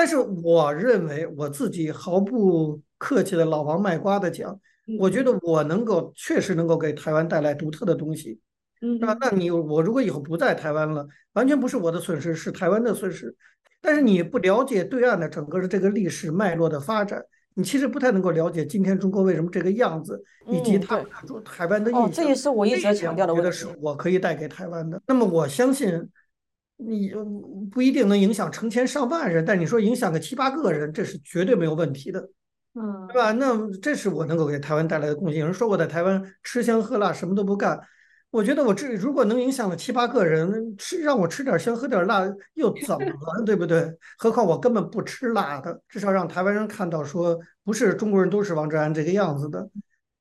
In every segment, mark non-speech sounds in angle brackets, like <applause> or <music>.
但是我認為我自己毫不客氣的，老王賣瓜的講，我覺得我能夠確實能夠給台灣帶來獨特的東西。嗯，那那你我如果以後不在台灣了，完全不是我的損失，是台灣的損失。但是你不了解對岸的整個的這個歷史脈絡的發展，你其實不太能夠了解今天中國為什麼這個樣子，以及它台灣的意義。哦，這也是我一直強調的，我覺得是我可以帶給台灣的。那麼我相信。你不一定能影響成千上萬人，但你說影響個七八個人，這是絕對沒有問題的，嗯，對吧？那這是我能夠給台灣帶來的貢獻。有人說我在台灣吃香喝辣，什麼都不幹，我覺得我這如果能影響了七八個人，吃讓我吃點香，喝點辣，又怎麼了？對不對？何況我根本不吃辣的，至少讓台灣人看到說不是中國人都是王志安這個樣子的，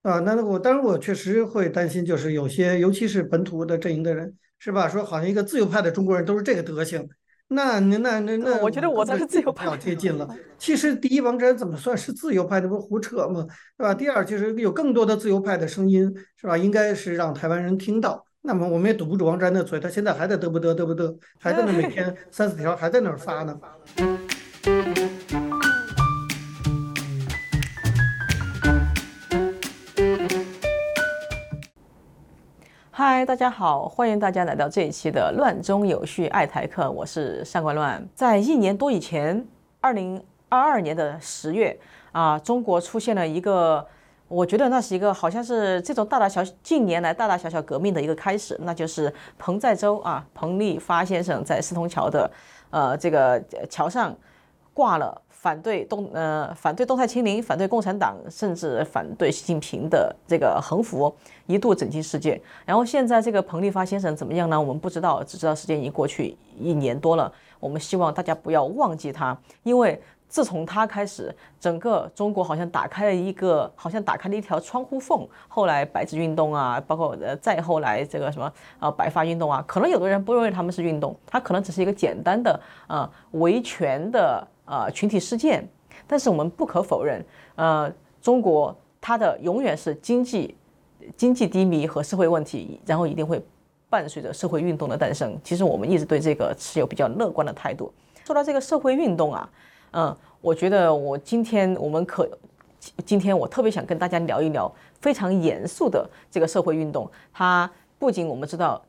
啊，那那我當然我確實會擔心，就是有些尤其是本土的陣營的人。是吧？說好像一個自由派的中國人都是這個德行，那那那那，我覺得我才是自由派老接近了。其實第一，王志安怎麼算是自由派？那不是胡扯嗎？對吧？第二，其實有更多的自由派的聲音，是吧？應該是讓台灣人聽到。那麼我們也堵不住王志安的嘴，他現在還在得不得得不得，還在那每天三四條，還在那兒發呢。 <laughs> 嗨，大家好，歡迎大家來到這一期的《亂中有序愛台客》，我是上官亂。在一年多以前，二零二二年的十月啊，中國出現了一個，我覺得那是一個好像是這種大大小小近年來大大小小革命的一個開始，那就是彭載舟啊，彭立發先生在四通橋的，呃，這個橋上掛了。反對動呃反對動態清零，反對共產黨，甚至反對習近平的這個橫幅，一度震驚世界。然後現在這個彭立發先生怎麼樣呢？我們不知道，只知道時間已經過去一年多了。我們希望大家不要忘記他，因為自從他開始，整個中國好像打開了一個，好像打開了一條窗戶縫。後來白紙運動啊，包括呃再後來這個什麼呃白髮運動啊，可能有的人不認為他們是運動，他可能只是一個簡單的呃維權的。呃，群體事件，但是我們不可否認，呃，中國它的永遠是經濟經濟低迷和社會問題，然後一定會伴隨着社會運動的誕生。其實我們一直對這個持有比較樂觀的態度。說到這個社會運動啊，嗯、呃，我覺得我今天我們可，今天我特別想跟大家聊一聊非常嚴肅的這個社會運動。它不僅我們知道，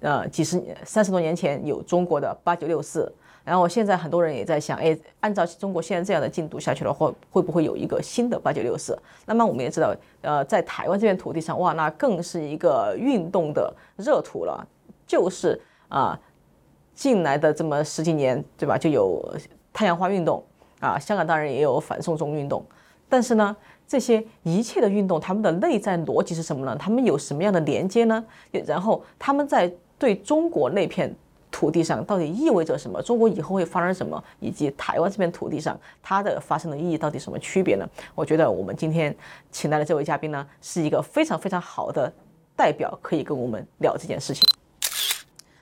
呃，幾十，三十多年前有中國的八九六四。然後現在很多人也在想，誒、哎，按照中國現在這樣的進度下去了，會會不會有一個新的八九六四？那麼我們也知道，呃，在台灣這片土地上，哇，那更是一個運動的熱土了。就是啊，近來的這麼十幾年，對吧？就有太陽花運動，啊，香港當然也有反送中運動。但是呢，這些一切的運動，他們的內在邏輯是什麼呢？他們有什麼樣的連接呢？然後他們在對中國那片。土地上到底意味着什麼？中國以後會發生什麼？以及台灣這片土地上它的發生的意義到底什麼區別呢？我覺得我們今天請來的這位嘉賓呢，是一個非常非常好的代表，可以跟我們聊這件事情。嗯、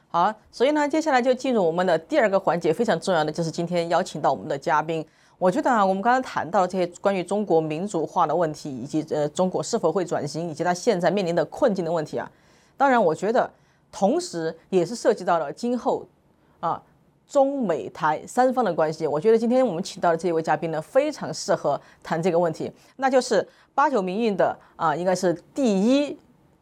好，所以呢，接下來就進入我們的第二個環節，非常重要的就是今天邀請到我們的嘉賓。我覺得啊，我們剛才談到了這些關於中國民主化的問題，以及呃，中國是否會轉型，以及它現在面臨的困境的問題啊，當然，我覺得。同時，也是涉及到了今後，啊，中美台三方的關係。我覺得今天我們請到的這一位嘉賓呢，非常適合談這個問題，那就是八九民運的啊，應該是第一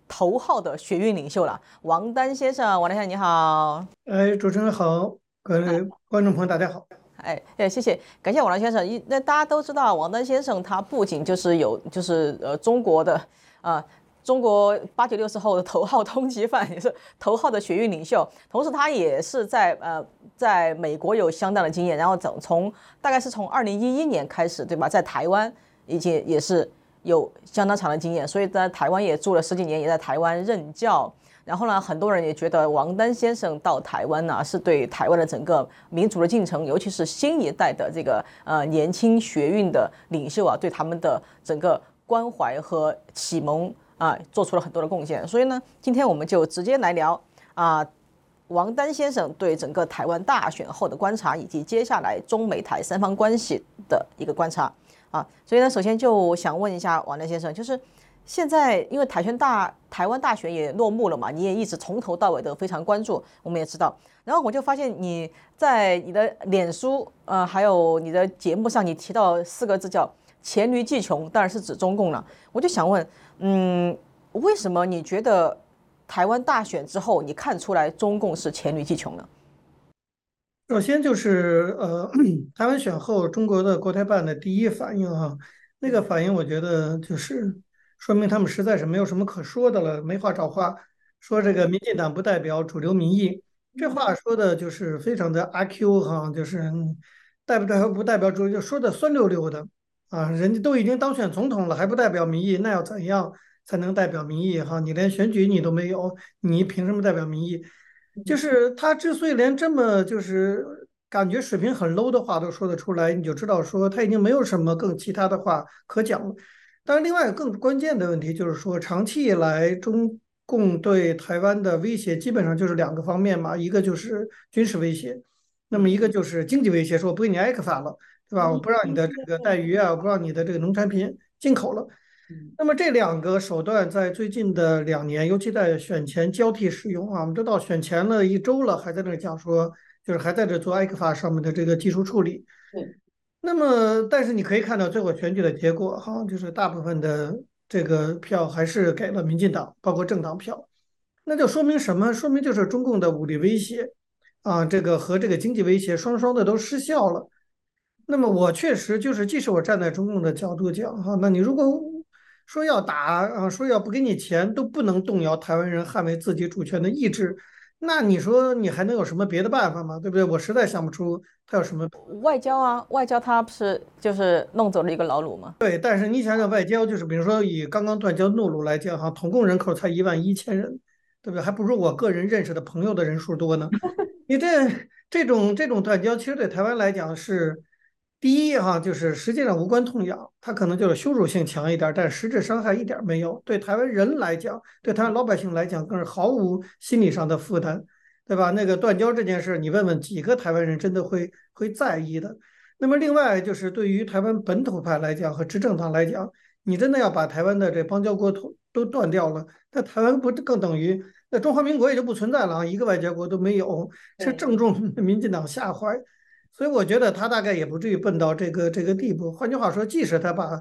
頭號的學運領袖了，王丹先生。王丹先生你好，哎，主持人好，各位觀眾朋友大家好，哎哎，謝謝，感謝王丹先生。那大家都知道，王丹先生他不僅就是有，就是呃，中國的啊。中國八九六四後的頭號通緝犯，也是頭號的學運領袖，同時他也是在呃，在美國有相當的經驗，然後整從大概是從二零一一年開始，對吧？在台灣已經也是有相當長的經驗，所以在台灣也住了十幾年，也在台灣任教。然後呢，很多人也覺得王丹先生到台灣呢、啊，是對台灣的整個民族的進程，尤其是新一代的這個呃年輕學運的領袖啊，對他們的整個關懷和啟蒙。啊，做出了很多的貢獻，所以呢，今天我們就直接來聊啊，王丹先生對整個台灣大選後的觀察，以及接下來中美台三方關係的一個觀察啊。所以呢，首先就想問一下王丹先生，就是現在因為台選大台灣大選也落幕了嘛，你也一直從頭到尾都非常關注，我們也知道。然後我就發現你在你的臉書呃，還有你的節目上，你提到四個字叫，黔驢技窮當然是指中共了。我就想問，嗯，為什麼你覺得台灣大選之後，你看出來中共是黔驢技窮呢？首先就是，呃，台灣選後，中國的國台辦的第一反應哈、啊，那個反應我覺得就是說明他們實在是沒有什麼可說的了，沒話找話說。這個民進黨不代表主流民意，這話說的就是非常的阿 Q 哈，就是代不代不代表主流，說的酸溜溜的。啊，人家都已經當選總統了，還不代表民意，那要怎樣才能代表民意？哈，你連選舉你都沒有，你憑什麼代表民意？就是他之所以連這麼就是感覺水平很 low 的話都說得出來，你就知道說他已經沒有什麼更其他的話可講了。當然，另外更關鍵的問題就是說，長期以來中共對台灣的威脅基本上就是兩個方面嘛，一個就是軍事威脅，那麼一個就是經濟威脅，說我不給你 ECFA 了。對吧？我不讓你的這個帶魚啊，我不讓你的這個農產品進口了。那麼這兩個手段在最近的兩年，尤其在選前交替使用啊。我們都到選前了一周了，還在那講說，就是還在這做 ECFA 上面的這個技術處理。那麼，但是你可以看到，最後選舉的結果哈、啊，就是大部分的這個票還是給了民進黨，包括政黨票。那就說明什麼？說明就是中共的武力威脅啊，這個和這個經濟威脅雙雙的都失效了。那麼我確實就是，即使我站在中共的角度講哈，那你如果說要打啊，說要不給你錢都不能動搖台灣人捍衛自己主權的意志，那你說你還能有什麼別的辦法嗎？對不對？我實在想不出他有什麼辦法。外交啊，外交他不是就是弄走了一個老魯嗎？對，但是你想想外交，就是比如說以剛剛斷交諾魯來講哈，統共人口才一萬一千人，對不對？還不如我個人認識的朋友的人數多呢。 <laughs> 你這這種這種斷交，其實對台灣來講是。第一哈，就是實際上無關痛癢，它可能就是羞辱性強一點，但實質傷害一點沒有。對台灣人來講，對台灣老百姓來講，更是毫無心理上的負擔，對吧？那個斷交這件事，你問問幾個台灣人，真的會會在意的。那麼另外就是對於台灣本土派來講和執政黨來講，你真的要把台灣的這邦交國土都斷掉了，那台灣不更等於那中華民國也就不存在了，一個外交國都沒有，這正中民進黨下懷。所以我覺得他大概也不至於笨到這個這個地步。換句話說，即使他把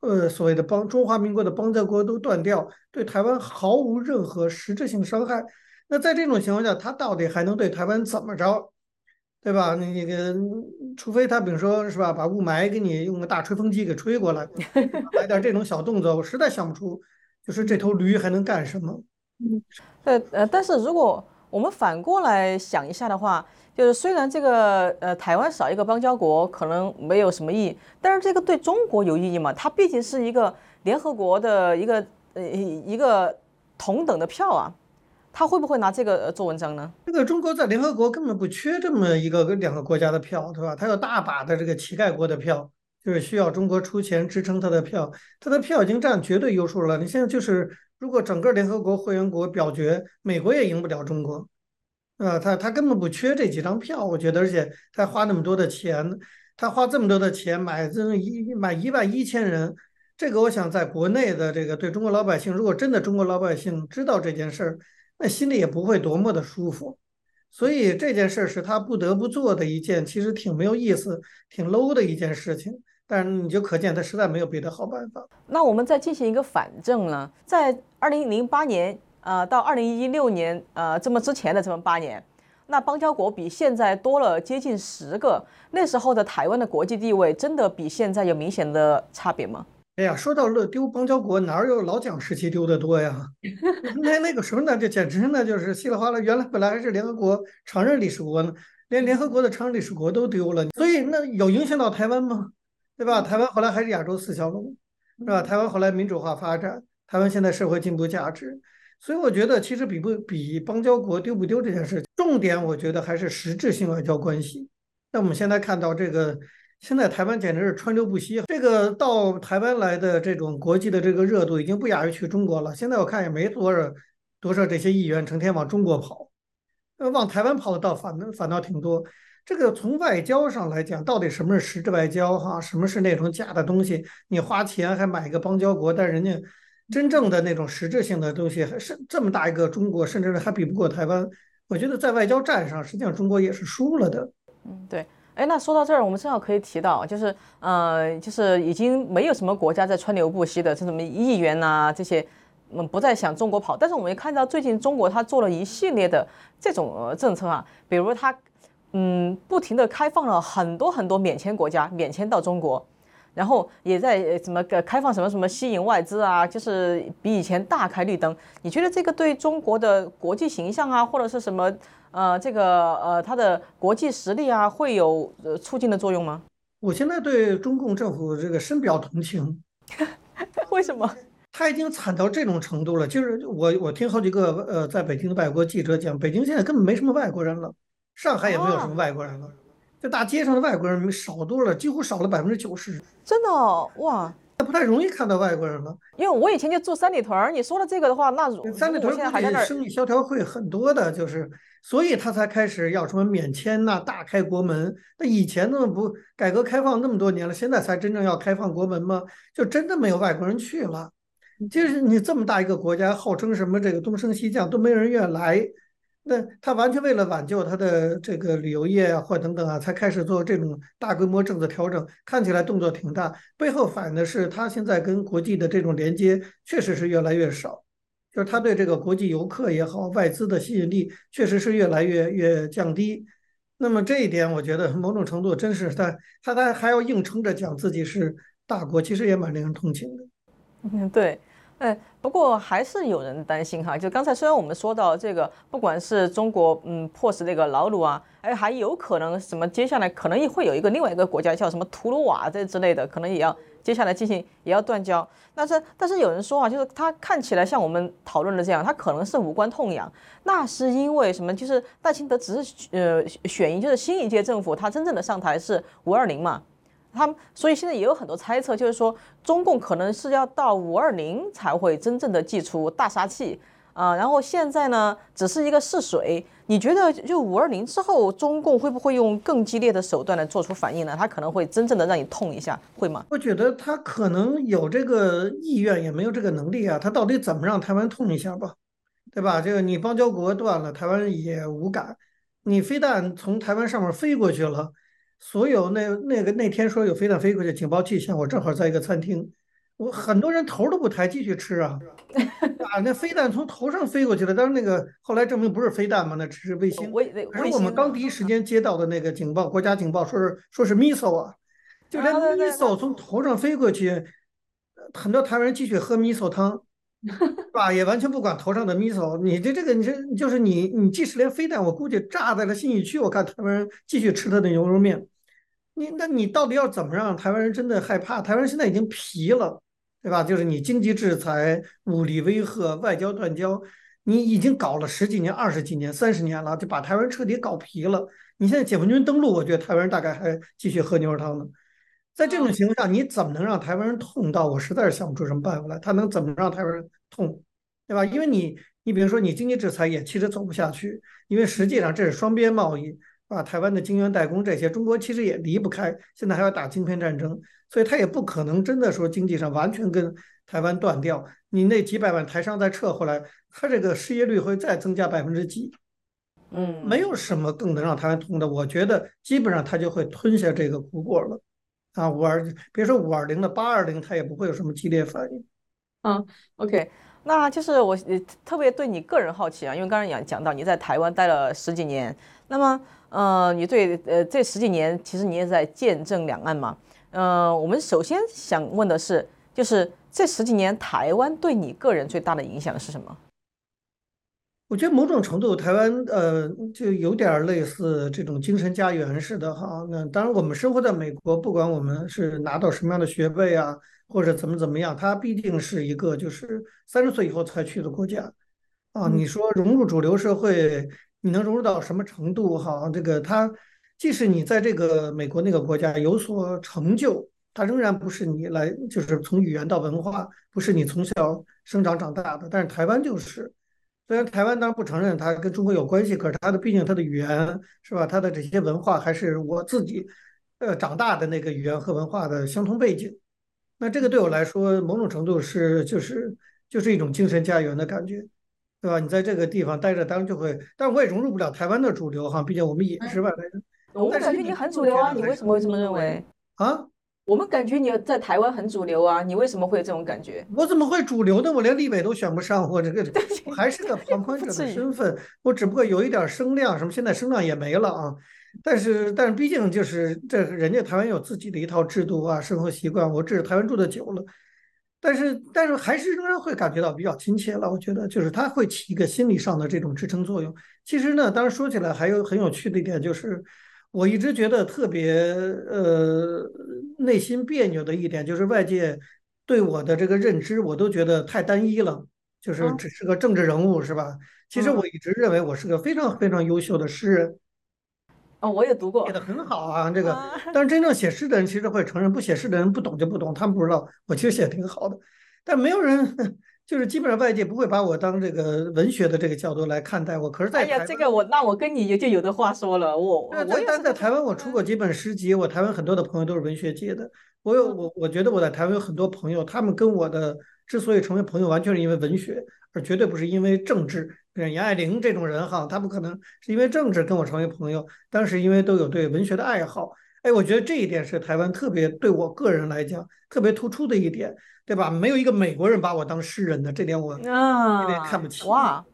呃所謂的邦中華民國的邦交國都斷掉，對台灣毫無任何實質性傷害。那在這種情況下，他到底還能對台灣怎麼着對吧？那個，除非他，比如說，是吧，把霧霾給你用個大吹風機給吹過來， <laughs> 來點這種小動作，我實在想不出，就是這頭驢還能幹什麼？嗯，呃呃，但是如果我們反過來想一下的話。就是雖然這個呃台灣少一個邦交國可能沒有什麼意義，但是這個對中國有意義嗎？它畢竟是一個聯合國的一個呃一個同等的票啊，它會不會拿這個做文章呢？這個中國在聯合國根本不缺這麼一個跟兩個國家的票，對吧？它有大把的這個乞丐國的票，就是需要中國出錢支撐它的票，它的票已經佔絕對優勢了。你現在就是如果整個聯合國會員國表決，美國也贏不了中國。啊、呃，他他根本不缺這幾張票，我覺得，而且他花那麼多的錢，他花這麼多的錢買這一買一萬一千人，這個我想在國內的這個對中國老百姓，如果真的中國老百姓知道這件事兒，那心裡也不會多麼的舒服。所以這件事是他不得不做的一件，其實挺沒有意思，挺 low 的一件事情。但你就可見他實在沒有別的好辦法。那我們再進行一個反證呢，在二零零八年。呃，到二零一六年，呃，這麼之前的這麼八年，那邦交國比現在多了接近十個。那時候的台灣的國際地位，真的比現在有明顯的差別嗎？哎呀，說到了丟邦交國，哪有老蔣時期丟得多呀？那那個時候呢，這簡直呢就是稀里嘩啦，原來本來還是聯合國常任理事國呢，連聯合國的常任理事國都丟了。所以那有影響到台灣嗎？對吧？台灣後來還是亞洲四小龍，是吧？台灣後來民主化發展，台灣現在社會進步價值。所以我覺得，其實比不比邦交國丟不丟這件事，重點我覺得還是實質性外交關係。那我們現在看到這個，現在台灣簡直是川流不息，這個到台灣來的這種國際的這個熱度，已經不亞於去中國了。現在我看也沒多少多少這些議員成天往中國跑，呃，往台灣跑的倒反反倒挺多。這個從外交上來講，到底什麼是實質外交哈、啊？什麼是那種假的東西？你花錢還買一個邦交國，但人家。真正的那種實質性的東西，還是這麼大一個中國，甚至還比不過台灣。我覺得在外交戰上，實際上中國也是輸了的。嗯，對。哎，那說到這兒，我們正好可以提到，就是，呃，就是已經沒有什麼國家在川流不息的，這什麼議員吶、啊、這些，嗯，不再向中國跑。但是我們也看到最近中國它做了一系列的這種政策啊，比如它，嗯，不停地開放了很多很多免簽國家，免簽到中國。然後也在呃，怎麼個開放什麼什麼吸引外資啊，就是比以前大開綠燈。你覺得這個對中國的國際形象啊，或者是什麼呃，這個呃它的國際實力啊，會有、呃、促進的作用嗎？我現在對中共政府這個深表同情。 <laughs> 為什麼？他已經慘到這種程度了。就是我我聽好幾個呃在北京的外國記者講，北京現在根本沒什麼外國人了，上海也沒有什麼外國人了。啊大街上的外國人少多了，幾乎少了百分之九十。真的、哦、哇，那不太容易看到外國人了。因為我以前就住三里屯，你說了這個的話，那如果在在那兒三里屯還有生意蕭條會很多的，就是，所以他才開始要什麼免簽吶、啊，大開國門。那以前那麼不改革開放那麼多年了，現在才真正要開放國門嗎？就真的沒有外國人去了？就是你這麼大一個國家，號稱什麼這個東升西降，都沒人願意來。那他完全為了挽救他的這個旅遊業啊，或等等啊，才開始做這種大規模政策調整，看起來動作挺大，背後反映的是他現在跟國際的這種連接確實是越來越少，就是他對這個國際遊客也好，外資的吸引力確實是越來越越降低。那麼這一點，我覺得某種程度真是他他他還要硬撐着講自己是大國，其實也蠻令人同情的。嗯，對。哎，不過還是有人擔心哈，就剛才雖然我們說到這個，不管是中國，嗯，迫使這個老魯啊，哎，還有可能什麼，接下來可能也會有一個另外一個國家叫什麼圖盧瓦這之類的，可能也要接下來進行也要斷交。但是，但是有人說啊，就是他看起來像我們討論的這樣，他可能是無關痛癢。那是因為什麼？就是賴清德只是呃選一，就是新一屆政府他真正的上台是五二零嘛。他們所以現在也有很多猜測，就是說中共可能是要到五二零才會真正的祭出大殺器啊，然後現在呢只是一個試水。你覺得就五二零之後，中共會不會用更激烈的手段來做出反應呢？他可能會真正的讓你痛一下，會嗎？我覺得他可能有這個意願，也沒有這個能力啊。他到底怎麼讓台灣痛一下吧？對吧？這個你邦交國斷了，台灣也無感。你飛彈從台灣上面飛過去了。所有那那個、那個、那天說有飛彈飛過去，警報器響，我正好在一個餐廳，我很多人頭都不抬繼續吃啊，啊那飛彈從頭上飛過去了，但是那個後來證明不是飛彈嘛，那只是衛星。 <laughs> 可是我們剛第一時間接到的那個警報，國家警報說是說是 miso 啊，就連 miso 從頭上飛過去， <laughs> 很多台灣人繼續喝 miso 湯。是 <laughs> 吧，啊？也完全不管頭上的米索，你這這個你，你這就是你，你即使連飛彈，我估計炸在了信義區，我看台灣人繼續吃他的牛肉麵。你那你到底要怎麼讓台灣人真的害怕？台灣人現在已經皮了，對吧？就是你經濟制裁、武力威嚇、外交斷交，你已經搞了十幾年、二十幾年、三十年了，就把台灣徹底搞皮了。你現在解放軍登陸，我覺得台灣人大概還繼續喝牛肉湯呢。在這種情況下，你怎麼能讓台灣人痛到？我實在是想不出什麼辦法來。他能怎麼讓台灣人痛，對吧？因為你，你比如說，你經濟制裁也其實走不下去，因為實際上這是雙邊貿易，啊，台灣的晶圓代工這些，中國其實也離不開。現在還要打晶片戰爭，所以他也不可能真的說經濟上完全跟台灣斷掉。你那幾百萬台商再撤回來，他這個失業率會再增加百分之幾。嗯，沒有什麼更能讓台灣痛的，我覺得基本上他就會吞下這個苦果了。啊，五二別說五二零的八二零，它也不會有什麼激烈反應。嗯，uh，OK，那就是我特別對你個人好奇啊，因為剛才也講到你在台灣待了十幾年，那麼，呃你對呃這十幾年其實你也在見證兩岸嘛。呃我們首先想問的是，就是這十幾年台灣對你個人最大的影響是什麼？我覺得某種程度，台灣呃，就有點類似這種精神家園似的哈。那當然，我們生活在美國，不管我們是拿到什麼樣的學位啊，或者怎麼怎麼樣，它畢竟是一個就是三十歲以後才去的國家啊。你說融入主流社會，你能融入到什麼程度哈？這個它即使你在這個美國那個國家有所成就，它仍然不是你來，就是從語言到文化，不是你從小生長長大的。但是台灣就是。雖然台灣當然不承認它跟中國有關係，可是它的畢竟它的語言是吧，它的這些文化還是我自己，呃長大的那個語言和文化的相通背景，那這個對我來說某種程度是就是就是一種精神家園的感覺，對吧？你在這個地方待着，當然就會，但我也融入不了台灣的主流哈，畢竟我們也是外來人，哎哦。我感覺你很主流啊，啊，你為什麼會這麼認為？啊？我們感覺你在台灣很主流啊，你為什麼會有這種感覺？我怎麼會主流呢？我連立委都選不上，我這個我還是個旁觀者的身份。我只不過有一點聲量，什麼現在聲量也沒了啊。但是，但是畢竟就是這人家台灣有自己的一套制度啊，生活習慣。我只是台灣住的久了，但是，但是還是仍然會感覺到比較親切了。我覺得就是他會起一個心理上的這種支撐作用。其實呢，當然說起來還有很有趣的一點就是。我一直覺得特別呃內心別扭的一點就是外界對我的這個認知，我都覺得太單一了，就是只是個政治人物、嗯，是吧？其實我一直認為我是個非常非常優秀的詩人、嗯啊。哦，我也讀過，寫得很好啊，這個。但是真正寫詩的人其實會承認，不寫詩的人不懂就不懂，他們不知道，我其實寫得挺好的，但沒有人。就是基本上外界不會把我當這個文學的這個角度來看待我，可是，在哎呀，這個我那我跟你就就有的話說了，我我，我但是在台灣我出過幾本詩集，我台灣很多的朋友都是文學界的，我有我我覺得我在台灣有很多朋友，他們跟我的之所以成為朋友，完全是因為文學，而絕對不是因為政治。比如，楊愛玲這種人哈，他不可能是因為政治跟我成為朋友，當時因為都有對文學的愛好。哎，我覺得這一點是台灣特別對我個人來講特別突出的一點，對吧？沒有一個美國人把我當詩人的，這點我有點看不起。啊，哇，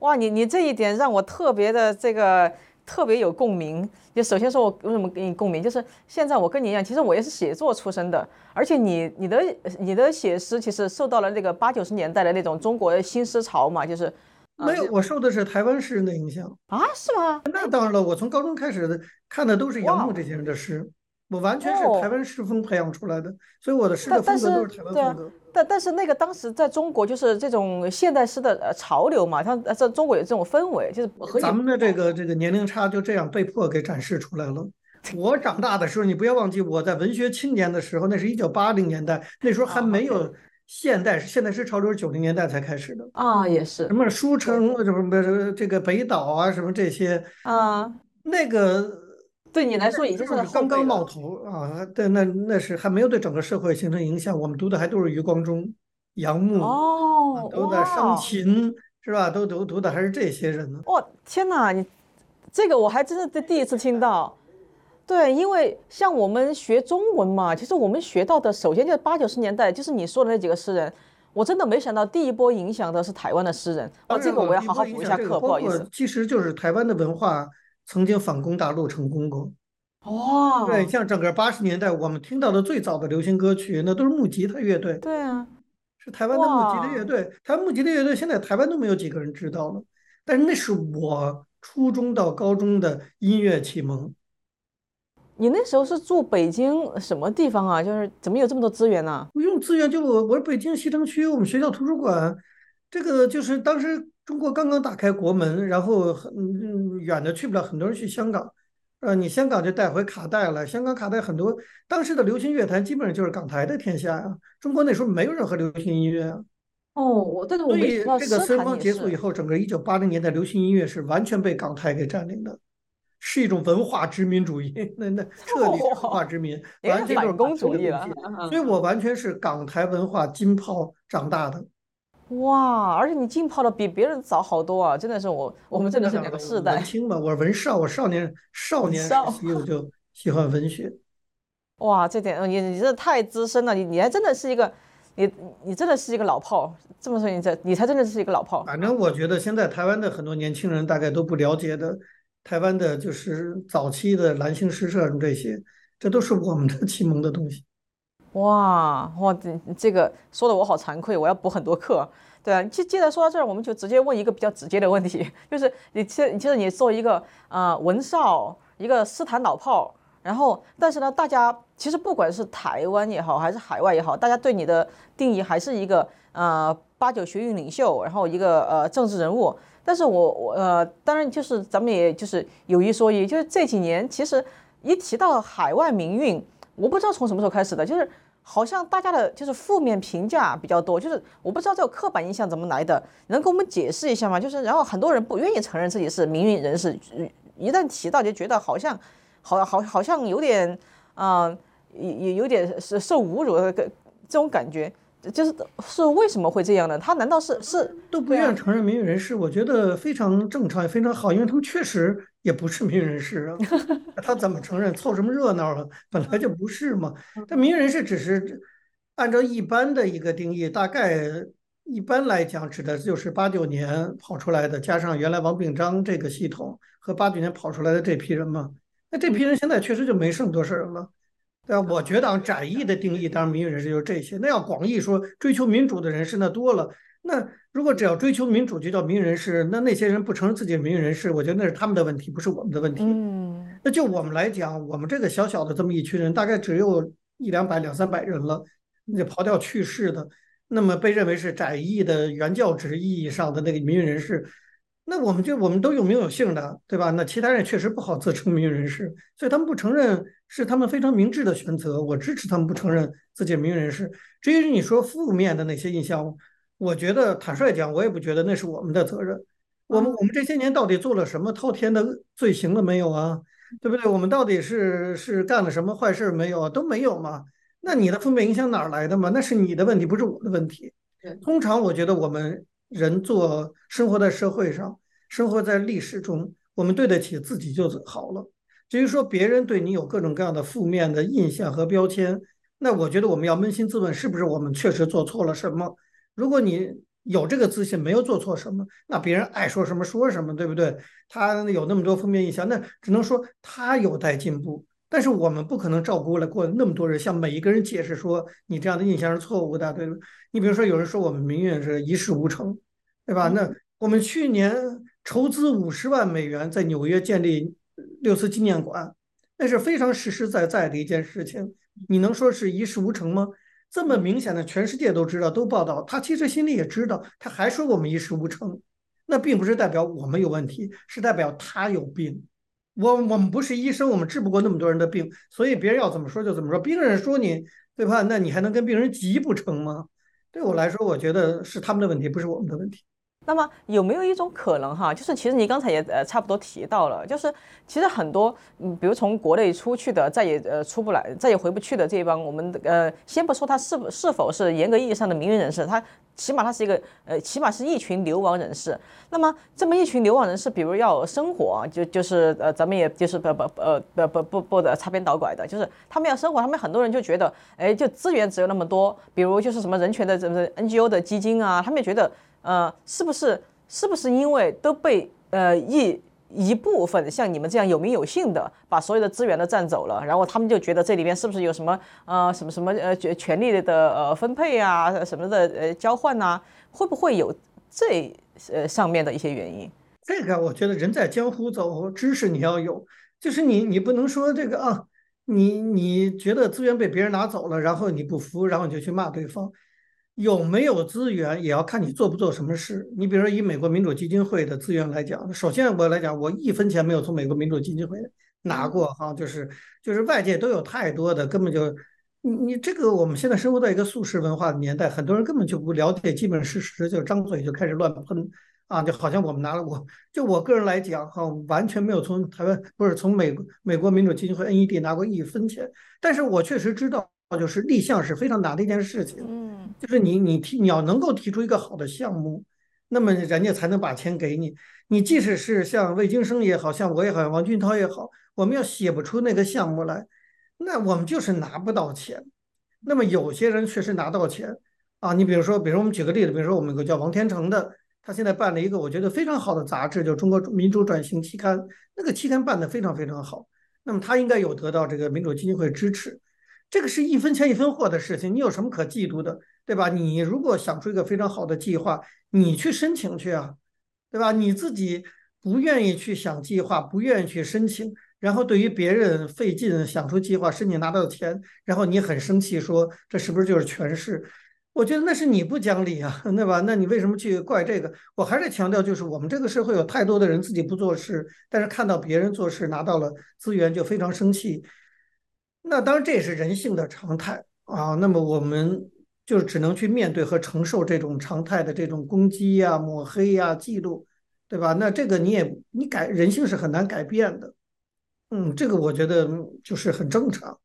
哇，你你這一點讓我特別的這個特別有共鳴。就首先說我為什麼給你共鳴，就是現在我跟你一樣，其實我也是寫作出身的，而且你你的你的寫詩其實受到了那個八九十年代的那種中國新思潮嘛，就是。沒有，我受的是台灣詩人的影響啊。是嗎？那當然了，我從高中開始的看的都是楊牧這些人的詩，我完全是台灣詩風培養出來的，哦，所以我的詩的風格都是台灣風格。但是但，但是那個當時在中國就是這種現代詩的呃潮流嘛，像在中國有這種氛圍，就是有咱們的這個這個年齡差就這樣被迫給展示出來了。我長大的時候，你不要忘記我在文學青年的時候，那是一九八零年代，那時候還沒有。啊，okay 現代是現代是潮流，九零年代才開始的啊，也是什麼舒婷，什麼什麼，這個北島啊，什麼這些啊，那個對你來說已經是剛剛冒頭啊，對，那那是還沒有對整個社會形成影響，我們讀的還都是余光中、楊牧哦，啊、都在商禽，是吧？都讀讀的還是這些人呢、啊？哇，天吶，你這個我還真的是第一次聽到。對，因為像我們學中文嘛，其實我們學到的首先就是八九十年代，就是你說的那幾個詩人。我真的沒想到，第一波影響的是台灣的詩人啊！這個我要好好補一下課，不好意思。其實就是台灣的文化曾經反攻大陸成功過。哇、哦！對，像整個八十年代，我們聽到的最早的流行歌曲，那都是木吉他樂隊。對啊，是台灣的木吉他樂隊。台灣木吉他樂隊現在台灣都沒有幾個人知道了，但是那是我初中到高中的音樂啟蒙。你那時候是住北京什麼地方啊？就是怎麼有這麼多資源呢、啊？不用資源就我，我是北京西城區我們學校圖書館，這個就是當時中國剛剛打開國門，然後很遠的去不了，很多人去香港，啊、呃，你香港就帶回卡帶了，香港卡帶很多，當時的流行樂壇基本上就是港台的天下呀、啊。中國那時候沒有任何流行音樂啊。哦，但是我沒所以這個我們這個三方結束以後，整個一九八零年代流行音樂是完全被港台給佔領的。是一種文化殖民主義，那那徹底文化殖民，完全就是功利主義了。所以我完全是港台文化浸泡長大的。哇，而且你浸泡的比別人早好多啊，真的是我我們真的是兩個世代。文青嘛，我是文少，我少年少年時期我就喜歡文學。哇，這點你你這太資深了，你你還真的是一個，你你真的是一個老炮。這麼說你這，你才真的是一個老炮。反正我覺得現在台灣的很多年輕人大概都不了解的。台灣的就是早期的藍星詩社這些，這都是我們的啟蒙的東西。哇哇，這個說的我好慚愧，我要補很多課。對啊，既既然說到這兒，我們就直接問一個比較直接的問題，就是你其實其實你做一個啊、呃、文少，一個詩壇老炮，然後但是呢，大家其實不管是台灣也好，還是海外也好，大家對你的定義還是一個呃八九學運領袖，然後一個呃政治人物。但是我我呃，當然就是咱們也就是有一說一，就是這幾年其實一提到海外民運，我不知道從什麼時候開始的，就是好像大家的就是負面評價比較多，就是我不知道這個刻板印象怎麼來的，能給我們解釋一下嗎？就是然後很多人不願意承認自己是民運人士，一旦提到就覺得好像好，好，好像有點呃、也、也有點是受侮辱的個這種感覺。就是是為什麼會這樣呢？他難道是是都不願意承認民運人士啊？我覺得非常正常，也非常好，因為他們確實也不是民運人士啊。他怎麼承認，湊什麼熱鬧啊？本來就不是嘛。但民運人士只是按照一般的一個定義，大概一般來講指的是就是八九年跑出來的，加上原來王炳章這個系統和八九年跑出來的這批人嘛。那這批人現在確實就沒剩多少人了。對啊，我覺得窄義的定義，當然民運人士就是這些。那要廣義說，追求民主的人士那多了。那如果只要追求民主就叫民運人士。那那些人不承認自己是民運人士，我覺得那是他們的問題，不是我們的問題。嗯，那就我們來講，我們這個小小的這麼一群人，大概只有一兩百、兩三百人了，那刨掉去世的，那麼被認為是窄義的原教旨意義上的那個民運人士。那我們就我們都有名有姓的，對吧？那其他人確實不好自稱民運人士，所以他們不承認是他們非常明智的選擇。我支持他們不承認自己民運人士。至於你說負面的那些印象，我覺得坦率講，我也不覺得那是我們的責任。我們我們這些年到底做了什麼滔天的罪行了沒有啊？對不對？我們到底是是幹了什麼壞事沒有啊？都沒有嘛？那你的負面影響哪來的嘛？那是你的問題，不是我的問題。通常我覺得我們人做生活在社會上。生活在歷史中，我們對得起自己就好了。至於說別人對你有各種各樣的負面的印象和標籤，那我覺得我們要捫心自問，是不是我們確實做錯了什麼？如果你有這個自信，沒有做錯什麼，那別人愛說什麼說什麼，對不對？他有那麼多負面印象，那只能說他有待進步。但是我們不可能照顧了過那麼多人，向每一個人解釋說你這樣的印象是錯誤的，對嗎？你比如說有人說我們民運是一事無成，對吧？嗯。那我們去年。籌資五十萬美元在紐約建立六四紀念館，那是非常實實在在的一件事情。你能說是一事無成嗎？這麼明顯的，全世界都知道，都報道。他其實心裡也知道，他還說我們一事無成，那並不是代表我們有問題，是代表他有病。我我們不是醫生，我們治不過那麼多人的病，所以別人要怎麼說就怎麼說。病人說你，對吧？那你還能跟病人急不成嗎？對我來說，我覺得是他們的問題，不是我們的問題。那麼有沒有一種可能哈，就是其實你剛才也呃差不多提到了，就是其實很多，比如從國內出去的再也呃出不來，再也回不去的這一幫我們呃，先不說他是是否是嚴格意義上的民運人士，他起碼他是一個呃起碼是一群流亡人士。那麼這麼一群流亡人士，比如要生活，就就是呃咱們也就是不不呃不不不不得擦邊倒拐的，就是他們要生活，他們很多人就覺得，哎，就資源只有那麼多，比如就是什麼人權的這個 NGO 的基金啊，他們也覺得。呃，是不是是不是因為都被呃一一部分像你們這樣有名有姓的把所有的資源都占走了，然後他們就覺得這裡面是不是有什麼呃什麼什麼呃權權力的呃分配啊什麼的呃交換吶、啊，會不會有這呃上面的一些原因？這個我覺得人在江湖走，知識你要有，就是你你不能說這個啊，你你覺得資源被別人拿走了，然後你不服，然後你就去罵對方。有沒有資源也要看你做不做什麼事。你比如說，以美國民主基金會的資源來講，首先我來講，我一分錢沒有從美國民主基金會拿過哈、啊，就是就是外界都有太多的根本就你你這個我們現在生活在一個速食文化的年代，很多人根本就不了解基本事實，就張嘴就開始亂噴啊，就好像我們拿了我就我個人來講哈、啊，完全沒有從台灣不是從美國美國民主基金會 NED 拿過一分錢，但是我確實知道。就是立項是非常難的一件事情，嗯，就是你你提你要能夠提出一個好的項目，那麼人家才能把錢給你。你即使是像魏京生也好，像我也好，王俊濤也好，我們要寫不出那個項目來，那我們就是拿不到錢。那麼有些人確實拿到錢啊，你比如說，比如說我們舉個例子，比如說我們有個叫王天成的，他現在辦了一個我覺得非常好的雜誌，就《中國民主轉型期刊》，那個期刊辦得非常非常好。那麼他應該有得到這個民主基金會支持。這個是一分錢一分貨的事情，你有什麼可嫉妒的？對吧？你如果想出一個非常好的計劃，你去申請去啊，對吧？你自己不願意去想計劃，不願意去申請，然後對於別人費勁想出計劃、申請拿到錢，然後你很生氣說，說這是不是就是權勢？我覺得那是你不講理啊，對吧？那你為什麼去怪這個？我還是強調，就是我們這個社會有太多的人自己不做事，但是看到別人做事拿到了資源就非常生氣。那當然這也是人性的常態啊，那麼我們就只能去面對和承受這種常態的這種攻擊呀、啊、抹黑呀、嫉妒，對吧？那這個你也你改人性是很難改變的，嗯，這個我覺得就是很正常。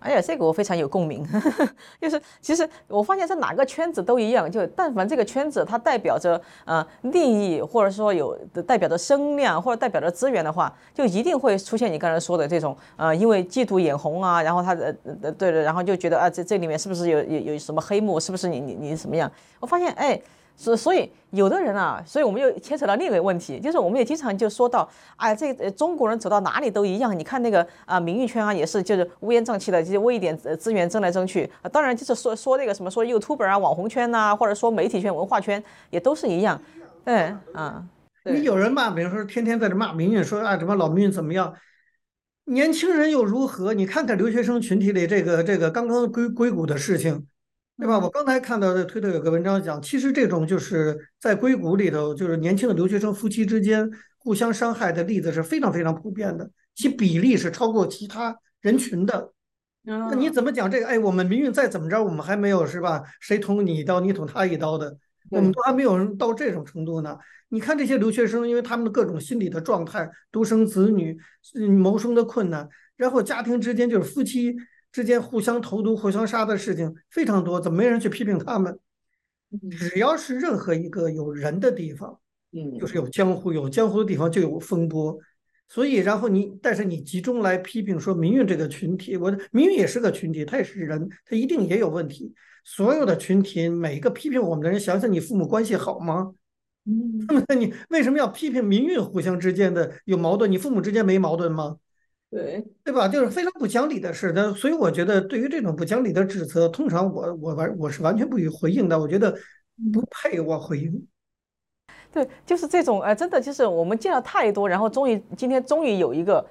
哎呀，這個我非常有共鳴， <laughs> 就是其實我發現是哪個圈子都一樣，就但凡這個圈子它代表着啊、呃、利益，或者說有代表着聲量或者代表着資源的話，就一定會出現你剛才說的這種呃，因為嫉妒眼紅啊，然後他呃呃對對，然後就覺得啊這這裡面是不是有有有什麼黑幕，是不是你你你什麼樣？我發現哎。所所以，有的人啊，所以我們就牽扯到另一個問題，就是我們也經常就說到，哎，這中國人走到哪裡都一樣。你看那個啊，民運圈啊，也是就是烏煙瘴氣的，就為一點資源爭來爭去啊。當然，就是說說那個什麼，說 YouTuber 啊，網紅圈吶、啊，或者說媒體圈、文化圈，也都是一樣。對，啊，你有人罵，比如說天天在這罵民運，說啊、哎、什麼老民運怎麼樣，年輕人又如何？你看看留學生群體裡，這個這個剛剛歸硅，硅谷的事情。對吧？我剛才看到的推特有個文章講，其實這種就是在硅谷裡頭，就是年輕的留學生夫妻之間互相傷害的例子是非常非常普遍的，其比例是超過其他人群的。那你怎麼講這個？哎，我們民運再怎麼着，我們還沒有是吧？誰捅你一刀，你捅他一刀的，我們都還沒有人到這種程度呢。你看這些留學生，因為他們的各種心理的狀態，獨生子女，嗯，謀生的困難，然後家庭之間就是夫妻。之間互相投毒、互相殺的事情非常多，怎麼沒人去批評他們？只要是任何一個有人的地方，嗯，就是有江湖，有江湖的地方就有風波。所以，然後你，但是你集中來批評說民運這個群體，我的民運也是個群體，他也是人，他一定也有問題。所有的群體，每一個批評我們的人，想想你父母關係好嗎？嗯，那 <laughs> 麼你為什麼要批評民運互相之間的有矛盾？你父母之間沒矛盾嗎？對對吧？就是非常不講理的事的，那所以我覺得對於這種不講理的指責，通常我我完我是完全不予回應的。我覺得不配我回應。對，就是這種，呃、啊，真的就是我們見了太多，然後終於今天終於有一個。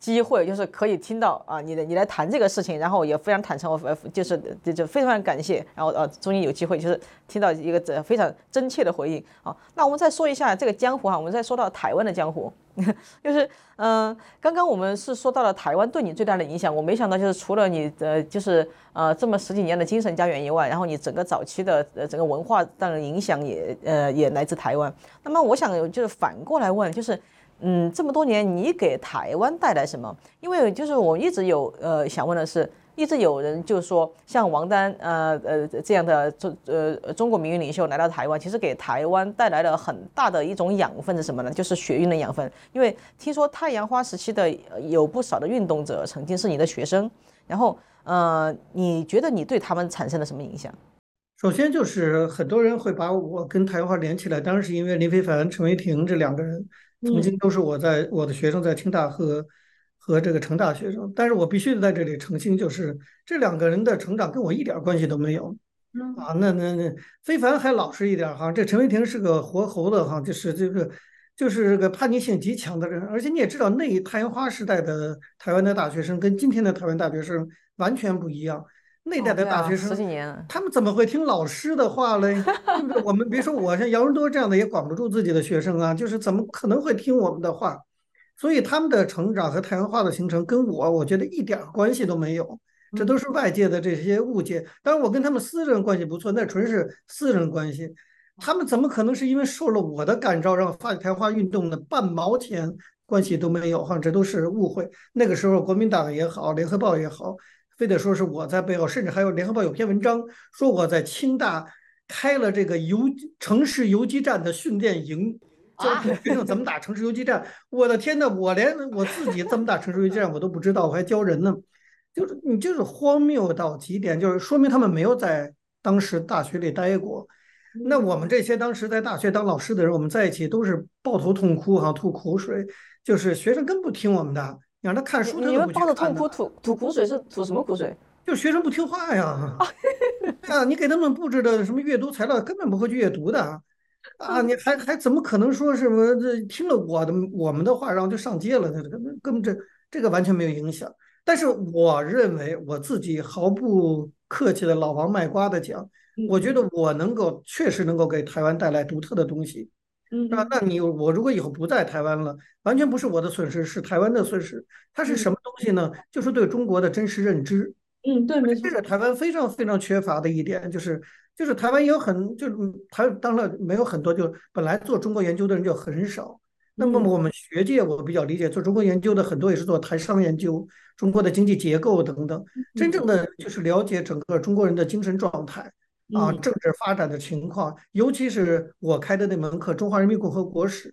機會就是可以聽到啊，你的你來談這個事情，然後也非常坦誠，我就是就就非常感謝，然後呃，終於有機會就是聽到一個呃非常真切的回應啊。好，那我們再說一下這個江湖哈、啊，我們再說到台灣的江湖， <laughs> 就是嗯、呃，剛剛我們是說到了台灣對你最大的影響，我沒想到就是除了你的就是呃這麼十幾年的精神家園以外，然後你整個早期的呃整個文化上的影響也呃也來自台灣。那麼我想就是反過來問就是。嗯，這麼多年你給台灣帶來什麼？因為就是我一直有呃想問的是，一直有人就是說，像王丹呃呃這樣的中呃中國民運領袖來到台灣，其實給台灣帶來了很大的一種養分是什麼呢？就是民運的養分。因為聽說太陽花時期的有不少的運動者曾經是你的學生，然後呃你覺得你對他們產生了什麼影響？首先就是很多人會把我跟太陽花連起來，當然是因為林飛帆、陳為廷這兩個人曾經都是我在我的學生，在清大和和這個成大學生。但是我必須在這裡澄清，就是這兩個人的成長跟我一點關係都沒有。嗯啊，那那那，飛帆還老實一點哈、啊，這陳為廷是個活猴子哈、啊，就是就是就是個叛逆性極強的人。而且你也知道，那一太陽花時代的台灣的大學生跟今天的台灣大學生完全不一樣。那代的大學生，oh, 啊，十幾年，他們怎麼會聽老師的話嘞？就是，我們別說我，我像姚人多這樣的也管不住自己的學生啊，就是怎麼可能會聽我們的話？所以他們的成長和太陽花的形成跟我，我覺得一點關係都沒有，這都是外界的這些誤解，嗯。當然，我跟他們私人關係不錯，那純是私人關係。他們怎麼可能是因為受了我的感召讓發起太陽花運動的半毛錢關係都沒有？哈，這都是誤會。那個時候國民黨也好，聯合報也好。非得說是我在背後，甚至還有《聯合報》有篇文章說我在清大開了這個游城市游擊戰的訓練營，教學生怎麼打城市游擊戰。 <laughs> 我的天吶，我連我自己怎麼打城市游擊戰我都不知道，我還教人呢，就是你就是荒謬到極點，就是說明他們沒有在當時大學裡待過。那我們這些當時在大學當老師的人，嗯、我們在一起都是抱頭痛哭、啊，哈吐苦水，就是學生根本不聽我們的。你讓他看書，他都不會看的。你們幫着痛苦吐吐苦水是吐什麼苦水？就是學生不聽話呀。啊，你給他們佈置的什麼閱讀材料根本不會去閱讀的，啊，你還還怎麼可能說什麼聽了我的我們的話然後就上街了？他根本根本這這個完全沒有影響。但是我認為我自己毫不客氣的老王賣瓜的講，我覺得我能夠確實能夠給台灣帶來獨特的東西。嗯，那那你我如果以後不在台灣了，完全不是我的損失，是台灣的損失。它是什麼東西呢？就是對中國的真實認知。嗯，對，沒錯。這是台灣非常非常缺乏的一點，就是就是台灣有很就是台當然沒有很多，就本來做中國研究的人就很少。那麼我們學界我比較理解，做中國研究的很多也是做台商研究、中國的經濟結構等等，真正的就是了解整個中國人的精神狀態。啊，政治發展的情況，尤其是我開的那門課《中華人民共和國史》，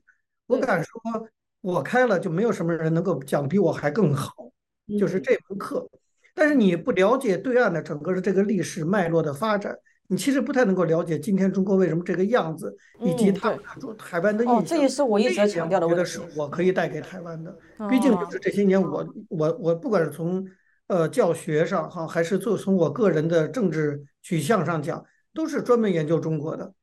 我敢說，我開了就沒有什麼人能夠講比我還更好，就是這門課。但是你不了解對岸的整個的這個歷史脈絡的發展，你其實不太能夠了解今天中國為什麼這個樣子，以及他台灣的意識。這也是我一直強調的。我覺得是我可以帶給台灣的，畢竟就是這些年我我我不管是從呃教學上哈，還是做從我個人的政治。取向上講，都是專門研究中國的。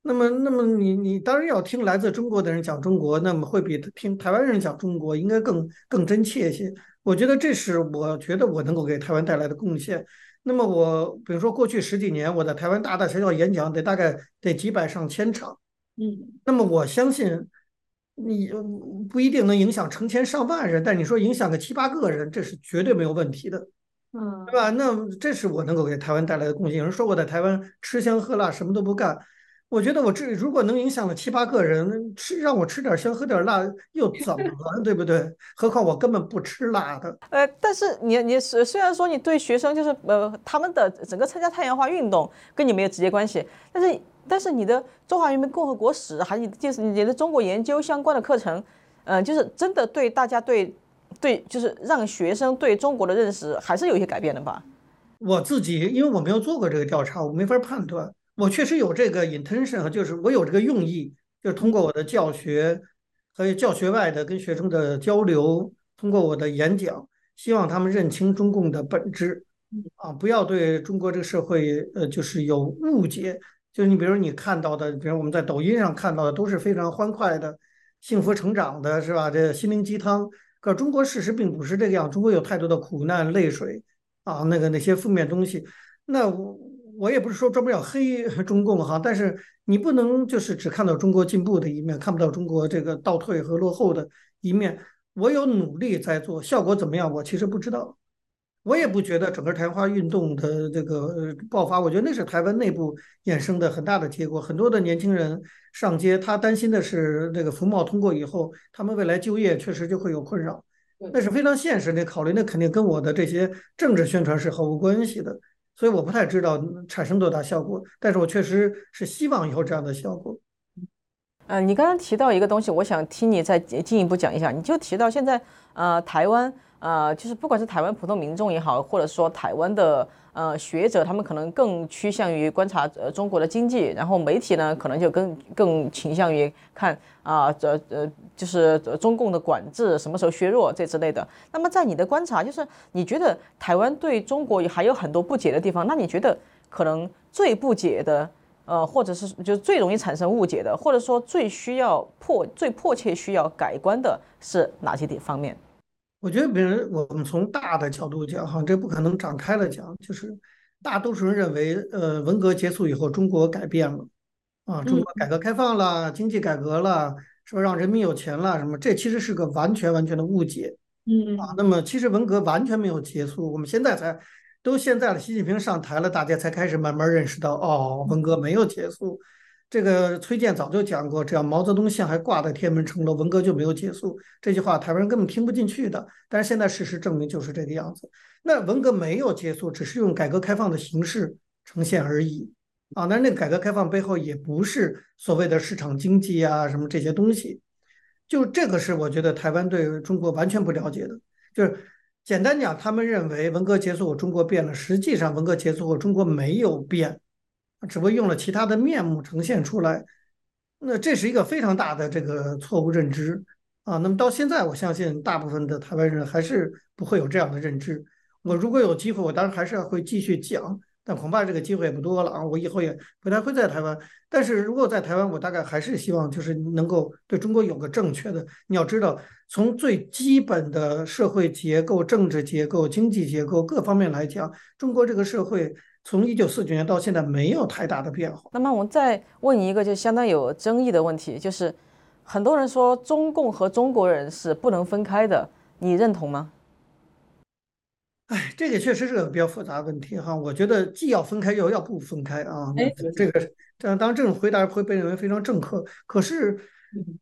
那麼，那麼你你當然要聽來自中國的人講中國，那麼會比聽台灣人講中國應該更更真切一些。我覺得這是我覺得我能夠給台灣帶來的貢獻。那麼我比如說過去十幾年我在台灣大大小小演講得大概得幾百上千場，嗯，那麼我相信你不一定能影響成千上萬人，但你說影響個七八個人，這是絕對沒有問題的。嗯，對吧？那這是我能夠給台灣帶來的貢獻。有人說我在台灣吃香喝辣，什麼都不幹。我覺得我這如果能影響了七八個人，吃讓我吃點香，喝點辣，又怎麼了？ <laughs> 對不對？何況我根本不吃辣的。呃，但是你你雖然說你對學生就是呃他們的整個參加太陽花運動跟你沒有直接關係，但是但是你的中華人民共和國史，還有就是你的中國研究相關的課程，嗯、呃，就是真的對大家對。對，就是讓學生對中國的認識還是有一些改變的吧。我自己因為我沒有做過這個調查，我沒法判斷。我確實有這個 intention，就是我有這個用意，就是通過我的教學和教學外的跟學生的交流，通過我的演講，希望他們認清中共的本質啊，不要對中國這個社會呃就是有誤解。就是你比如你看到的，比如我們在抖音上看到的都是非常歡快的、幸福成長的，是吧？這心靈雞湯。可中國事實並不是這個樣，中國有太多的苦難、淚水啊，那個那些負面東西。那我我也不是說專門要黑中共哈，但是你不能就是只看到中國進步的一面，看不到中國這個倒退和落後的一面。我有努力在做，效果怎麼樣，我其實不知道。我也不覺得整個太陽花運動的這個爆發，我覺得那是台灣內部衍生的很大的結果。很多的年輕人上街，他擔心的是那個服貿通過以後，他們未來就業確實就會有困擾，那是非常現實的考慮。那肯定跟我的這些政治宣傳是毫無關係的，所以我不太知道產生多大效果。但是我確實是希望以後這樣的效果。嗯，你剛剛提到一個東西，我想聽你再進一步講一下。你就提到現在，呃，台灣。呃，就是不管是台灣普通民眾也好，或者說台灣的呃學者，他們可能更趨向於觀察呃中國的經濟，然後媒體呢可能就更更傾向於看啊，這呃，呃就是呃中共的管制什麼時候削弱這之類的。那麼在你的觀察，就是你覺得台灣對中國還有很多不解的地方，那你覺得可能最不解的，呃，或者是就是最容易產生誤解的，或者說最需要迫最迫切需要改觀的是哪些地方面？我覺得，別人我們從大的角度講，哈，這不可能展開了講。就是大多數人認為，呃，文革結束以後，中國改變了，啊，中國改革開放了，經濟改革了，說讓人民有錢了，什麼？這其實是個完全完全的誤解。嗯啊，那麼其實文革完全沒有結束，我們現在才都現在了，習近平上台了，大家才開始慢慢認識到，哦，文革沒有結束。這個崔健早就講過，只要毛澤東像還掛在天安門城樓，文革就沒有結束。這句話台灣人根本聽不進去的。但是現在事實證明就是這個樣子。那文革沒有結束，只是用改革開放的形式呈現而已啊。但那那改革開放背後也不是所謂的市場經濟啊，什麼這些東西。就這個是我覺得台灣對中國完全不了解的。就是簡單講，他們認為文革結束後中國變了，實際上文革結束後中國沒有變。只不過用了其他的面目呈現出來，那這是一個非常大的這個錯誤認知啊。那麼到現在，我相信大部分的台灣人還是不會有這樣的認知。我如果有機會，我當然還是會繼續講，但恐怕這個機會也不多了啊。我以後也不太會在台灣，但是如果在台灣，我大概還是希望就是能夠對中國有個正確的。你要知道，從最基本的社會結構、政治結構、經濟結構各方面來講，中國這個社會。從一九四九年到現在，沒有太大的變化。那麼，我們再問你一個，就相當有爭議的問題，就是很多人說中共和中國人是不能分開的，你認同嗎？哎，這個確實是個比較複雜的問題哈。我覺得既要分開又要不分開啊。這個當當然這種回答會被認為非常政客。可是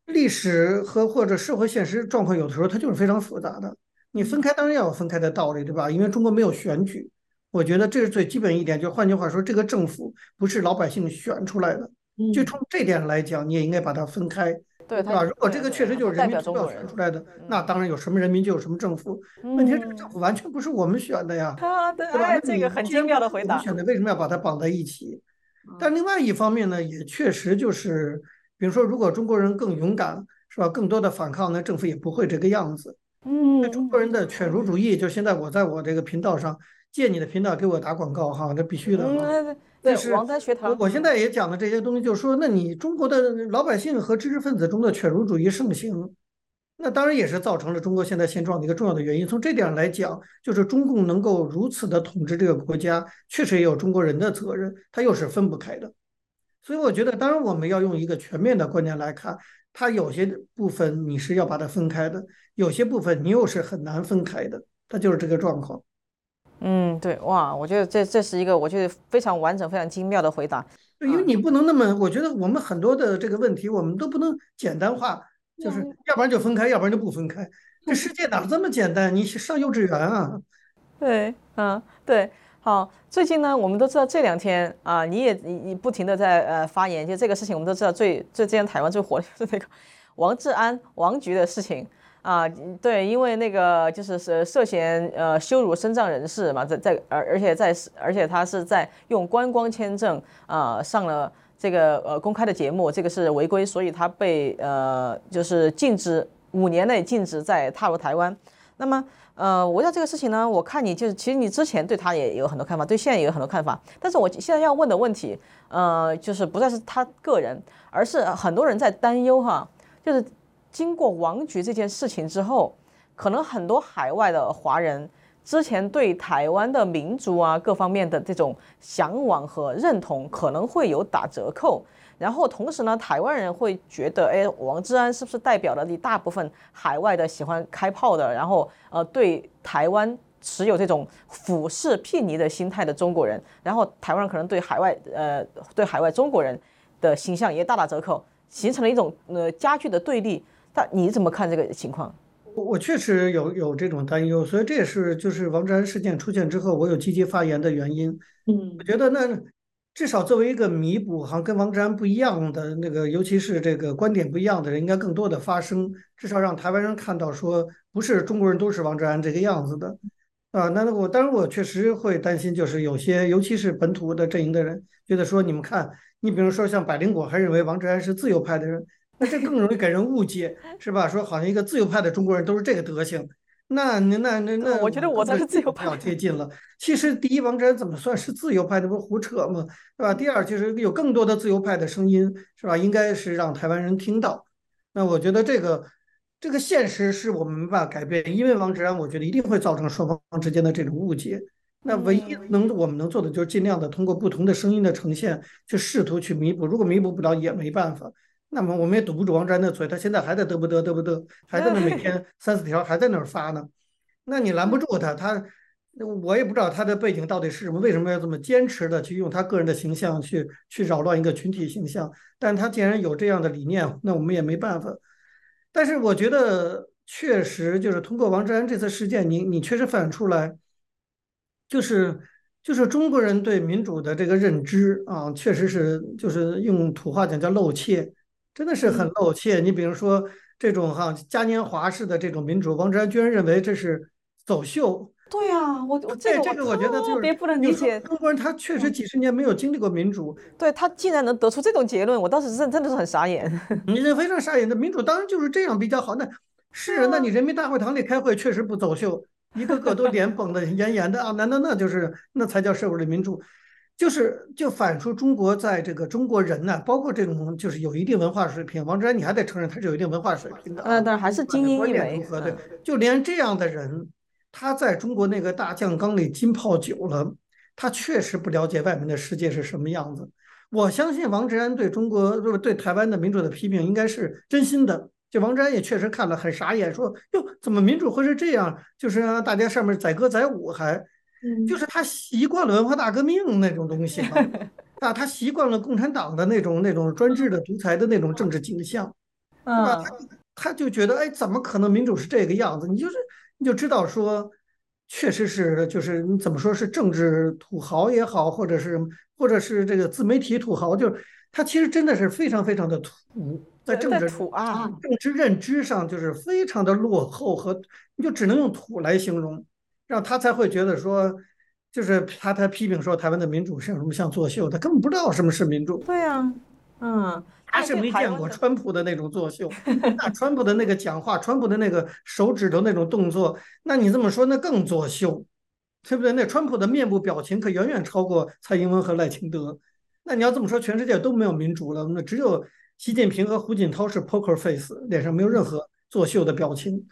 歷史和或者社會現實狀況，有的時候它就是非常複雜的。你分開當然要有分開的道理，對吧？因為中國沒有選舉。我覺得這是最基本一點，就換句話說，這個政府不是老百姓選出來的。嗯、就從這點來講，你也應該把它分開，對吧？對對對對？如果這個確實就是人民投票選出來的，嗯，那當然有什麼人民就有什麼政府。那你看，這個政府完全不是我們選的呀，嗯、對吧？對？這個很精妙的回答。我們選的為什麼要把它綁在一起，嗯？但另外一方面呢，也確實就是，比如說，如果中國人更勇敢，是吧？更多的反抗呢，那政府也不會這個樣子。嗯，那中國人的犬儒主義，嗯，就現在我在我這個頻道上。借你的頻道給我打廣告哈，那必須的。但、嗯、是，王丹我我現在也講的這些東西，就是說，那你中國的老百姓和知識分子中的犬儒主義盛行，那當然也是造成了中國現在現狀的一個重要的原因。從這點來講，就是中共能夠如此的統治這個國家，確實也有中國人的責任，他又是分不開的。所以，我覺得，當然我們要用一個全面的觀點來看，它有些部分你是要把它分開的，有些部分你又是很難分開的，它就是這個狀況。嗯，對哇，我覺得這這是一個我覺得非常完整、非常精妙的回答。因為你不能那麼、啊，我覺得我們很多的這個問題，我們都不能簡單化，就是要不然就分開，嗯、要不然就不分開。這世界哪有這麼簡單？你上幼稚園啊？對，嗯、啊，對，好。最近呢，我們都知道這兩天啊，你也你你不停的在呃發言，就這個事情，我們都知道最最最近台灣最火的、就是那個王志安王局的事情。啊，對，因為那個就是是涉嫌呃羞辱身障人士嘛，在在，而而且在而且他是在用觀光簽證啊、呃、上了這個呃公開的節目，這個是違規，所以他被呃就是禁止五年內禁止再踏入台灣。那麼呃圍繞這個事情呢，我看你就是其實你之前對他也有很多看法，對現在也有很多看法，但是我現在要問的問題，呃就是不再是他個人，而是很多人在擔憂哈，就是。經過王局這件事情之後，可能很多海外的華人之前對台灣的民族啊、各方面的這種向往和認同可能會有打折扣。然後同時呢，台灣人會覺得，哎，王志安是不是代表了一大部分海外的喜歡開炮的，然後呃對台灣持有這種俯視睥睨的心態的中國人？然後台灣人可能對海外呃對海外中國人的形象也大打折扣，形成了一種呃加劇的對立。但你怎麼看這個情況？我我確實有有這種擔憂，所以這也是就是王志安事件出現之後，我有積極發言的原因。嗯，我覺得那至少作為一個彌補，好像跟王志安不一樣的那個，尤其是這個觀點不一樣的人，應該更多的發聲，至少讓台灣人看到說，不是中國人都是王志安這個樣子的，啊，那我當然我確實會擔心，就是有些尤其是本土的陣營的人覺得說，你們看你比如說像百靈果還認為王志安是自由派的人。那 <laughs> 這更容易給人誤解，是吧？說好像一個自由派的中國人都是這個德行，那那那那……我覺得我才是自由派，要接近了。其實第一，王志安怎麼算是自由派？這不是胡扯嗎？對吧？第二，其實有更多的自由派的聲音，是吧？應該是讓台灣人聽到。那我覺得這個這個現實是我們沒辦法改變，因為王志安，我覺得一定會造成雙方之間的這種誤解。那唯一能我們能做的就是盡量的通過不同的聲音的呈現，去試圖去彌補。如果彌補不了，也沒辦法。那麼我們也堵不住王志安的嘴，他現在還在嘚啵嘚嘚啵嘚，還在那每天三四條，還在那兒發呢。那你攔不住他，他那我也不知道他的背景到底是什麼，為什麼要這麼堅持的去用他個人的形象去去擾亂一個群體形象？但他既然有這樣的理念，那我們也沒辦法。但是我覺得確實就是通過王志安這次事件，你你確實反映出來，就是就是中國人對民主的這個認知啊，確實是就是用土話講叫露怯。真的是很露怯，你比如說這種哈嘉年華式的這種民主，王志安居然認為這是走秀。對啊，我我這個這個我覺得就是理解中國人他確實幾十年沒有經歷過民主、嗯，對他竟然能得出這種結論，我當時是真的是很傻眼。你這非常傻眼的民主當然就是這樣比較好，那是，啊哦，那你人民大會堂裡開會確實不走秀，一個個都臉繃得嚴嚴的啊，難道那就是那才叫社會主義民主？就是就反出中國在這個中國人呢、啊，包括這種就是有一定文化水平。王志安，你還得承認他是有一定文化水平的，啊。嗯，但還是精英一類。如，嗯，何就連這樣的人，他在中國那個大醬缸裡浸泡久了，他確實不了解外面的世界是什麼樣子。我相信王志安對中國對台灣的民主的批評應該是真心的。就王志安也確實看了很傻眼，說喲，怎麼民主會是這樣？就是讓、啊、大家上面載歌載舞還。就是他習慣了文化大革命那種東西嘛，啊，他習慣了共產黨的那種那種專制的獨裁的那種政治景象，對吧？他就覺得，哎，怎麼可能民主是這個樣子？你就是你就知道說，確實是就是你怎麼說是政治土豪也好，或者是或者是這個自媒體土豪，就是他其實真的是非常非常的土，在政治啊，政治認知上就是非常的落後和，你就只能用土來形容。然後他才會覺得說，就是他他批評說台灣的民主像什麼像作秀，他根本不知道什麼是民主。對啊，嗯，他是沒見過川普的那種作秀， <laughs> 那川普的那個講話，川普的那個手指頭那種動作，那你這麼說那更作秀，對不對？那川普的面部表情可遠遠超過蔡英文和賴清德，那你要這麼說全世界都沒有民主了，那只有習近平和胡錦濤是 poker face，臉上沒有任何作秀的表情，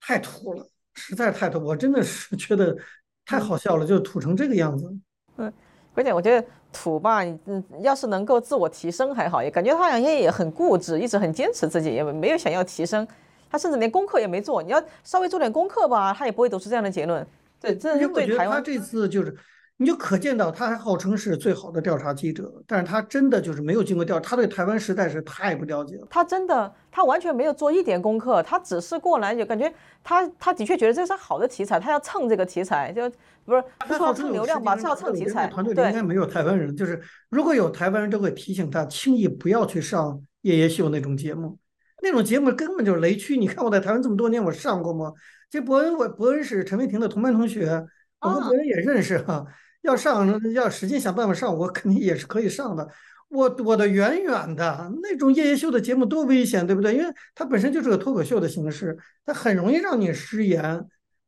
太土了。實在太多，我真的是覺得太好笑了，就土成這個樣子。嗯，關鍵我覺得土吧，嗯，要是能夠自我提升還好，也感覺他好像也很固執，一直很堅持自己，也沒有想要提升。他甚至連功課也沒做，你要稍微做點功課吧，他也不會得出這樣的結論。對，真的。是對台灣我我這次就是。你就可見到，他還號稱是最好的調查記者，但是他真的就是沒有經過調查，他對台灣實在是太不了解了。他真的，他完全沒有做一點功課，他只是過來就感覺他他的確覺得這是好的題材，他要蹭這個題材，就不是，不說他要蹭流量吧，是要蹭題材。團隊裡應該沒有台灣人，就是如果有台灣人，就會提醒他輕易不要去上夜夜秀那種節目，那種節目根本就是雷區。你看我在台灣這麼多年，我上過嗎？這博恩，我博恩是陳偉霆的同班同學，我和博恩也認識哈、啊。Uh. 要上，要使勁想辦法上，我肯定也是可以上的。我躲得遠遠的，那種夜夜秀的節目多危險，對不對？因為它本身就是個脫口秀的形式，它很容易讓你失言，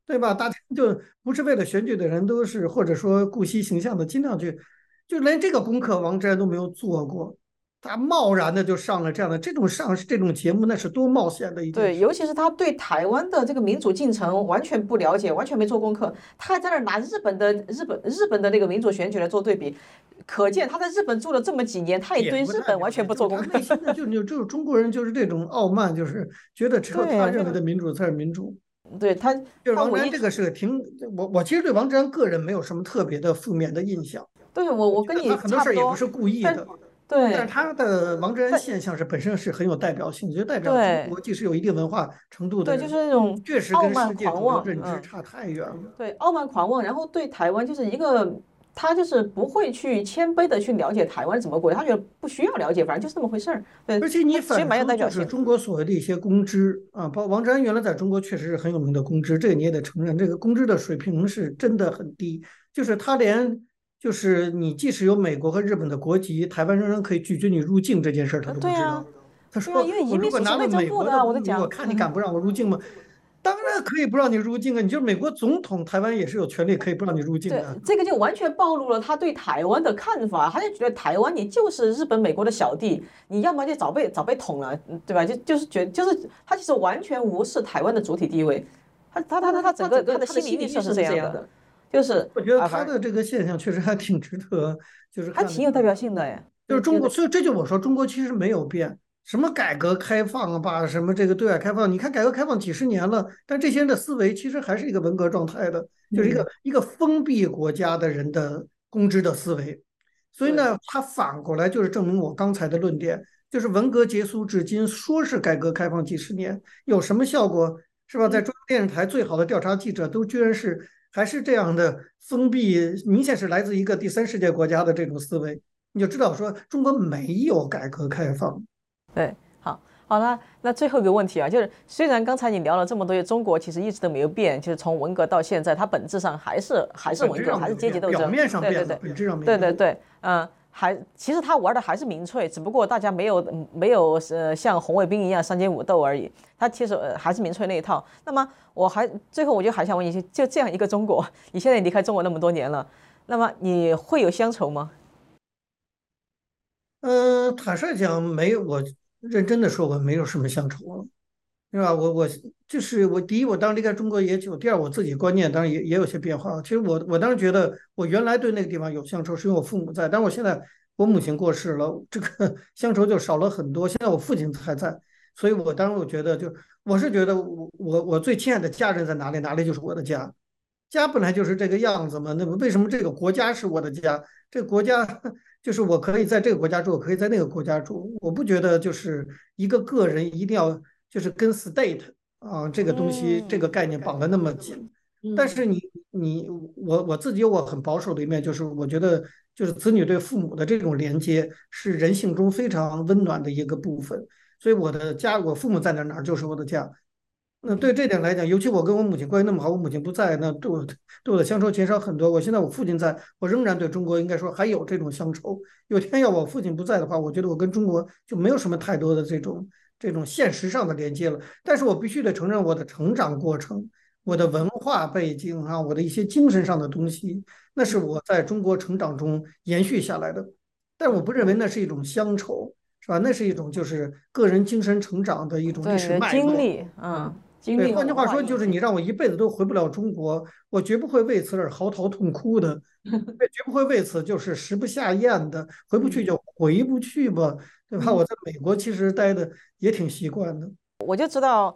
對吧？大家就不是為了選舉的人都是，或者說顧惜形象的，盡量去，就連這個功課王志安都沒有做過。他貿然的就上了這樣的這種上這種節目，那是多冒險的！一。對，尤其是他對台灣的這個民主進程完全不了解，完全沒做功課。他還在那拿日本的日本日本的那個民主選舉來做對比，可見他在日本住了這麼幾年，他也對日本完全不做功課。真 <laughs> 就就就，就中國人就是這種傲慢，就是覺得只有他認為的民主才是民主。對他，他就王志安這個是個挺我我，我其實對王志安個人沒有什麼特別的負面的印象。對我我跟你差不多，我很多事兒也不是故意的。對，但是他的王志安現象是本身是很有代表性的，就代表國際是有一定文化程度的。對，就是那種確實跟世界認知差太遠了。對，對，傲，傲慢狂妄、嗯，然後對台灣就是一個，他就是不會去謙卑的去了解台灣怎麼回事，他覺得不需要了解，反正就是這麼回事兒。對，而且你反正就是中國所謂的一些公知啊，包括王志安原來在中國確實是很有名的公知，這個你也得承認，這個公知的水平是真的很低，就是他連。就是你即使有美國和日本的國籍，台灣仍然可以拒絕你入境這件事，他都不知道。他、嗯啊、說：“啊、因為如果拿了美國的，如、啊、講我看你敢不讓我入境嗎？ <laughs> 當然可以不讓你入境啊！你就是美國總統，台灣也是有權利可以不讓你入境的、啊。這個就完全暴露了他對台灣的看法，他就覺得台灣你就是日本、美國的小弟，你要麼就早被早被捅了，對吧？就就是覺得就是他其實完全無視台灣的主體地位，他他他他他整個，他，整個他的心理意識是這樣的。就是我覺得他的這個現象確實還挺值得，就是還挺有代表性的哎。就是中國，所以這就我說，中國其實沒有變，什麼改革開放啊把什麼這個對外開放，你看改革開放幾十年了，但這些人的思維其實還是一個文革狀態的，就是一個一個封閉國家的人的公知的思維。所以呢，他反過來就是證明我剛才的論點，就是文革結束至今，說是改革開放幾十年，有什麼效果？是吧？在中央電視台最好的調查記者都居然是。還是這樣的封閉，明顯是來自一個第三世界國家的這種思維。你就知道說，中國沒有改革開放。對，好，好了，那最後一個問題啊，就是雖然剛才你聊了這麼多月，中國其實一直都沒有變，就是從文革到現在，它本質上還是還是文革，還是階級鬥爭。表面上變的，本質上沒變。對對對，嗯、呃。還其實他玩的還是民粹，只不過大家沒有沒有呃像紅衛兵一樣三尖五鬥而已。他其實還是民粹那一套。那麼我還最後我就還想問一句，就這樣一個中國，你現在離開中國那麼多年了，那麼你會有鄉愁嗎？嗯、呃，坦率講，沒有。我認真的說過，我沒有什麼鄉愁了。是吧？我我就是我第一，我當然離開中國也久；第二，我自己觀念當然也也有些變化。其實我我當時覺得，我原來對那個地方有鄉愁，是因為我父母在。但我現在我母親過世了，這個鄉愁就少了很多。現在我父親還在，所以我當時我覺得，就我是覺得，我我我最親愛的家人在哪裡，哪裡就是我的家。家本來就是這個樣子嘛。那麼為什麼這個國家是我的家？這個國家就是我可以在這個國家住，我可以在那個國家住。我不覺得就是一個個人一定要。就是跟 state 啊，這個東西、嗯、這個概念綁得那麼緊，但是你你我我自己有我很保守的一面，就是我覺得就是子女對父母的這種連接是人性中非常溫暖的一個部分。所以我的家，我父母在哪兒哪兒就是我的家。那對這點來講，尤其我跟我母親關係那麼好，我母親不在，那對對我的鄉愁減少很多。我現在我父親在，我仍然對中國應該說還有這種鄉愁。有天要我父親不在的話，我覺得我跟中國就沒有什麼太多的這種。這種現實上的連接了，但是我必須得承認，我的成長過程、我的文化背景啊，我的一些精神上的東西，那是我在中國成長中延續下來的。但我不認為那是一種鄉愁，是吧？那是一種就是個人精神成長的一種歷史脈絡。對，經歷，嗯，經歷的。換句話說，就是你讓我一輩子都回不了中國，我絕不會為此而嚎啕痛哭的，絕不會為此就是食不下嚥的。回不去就回不去吧。對吧？我在美國其實待的也挺習慣的，我就知道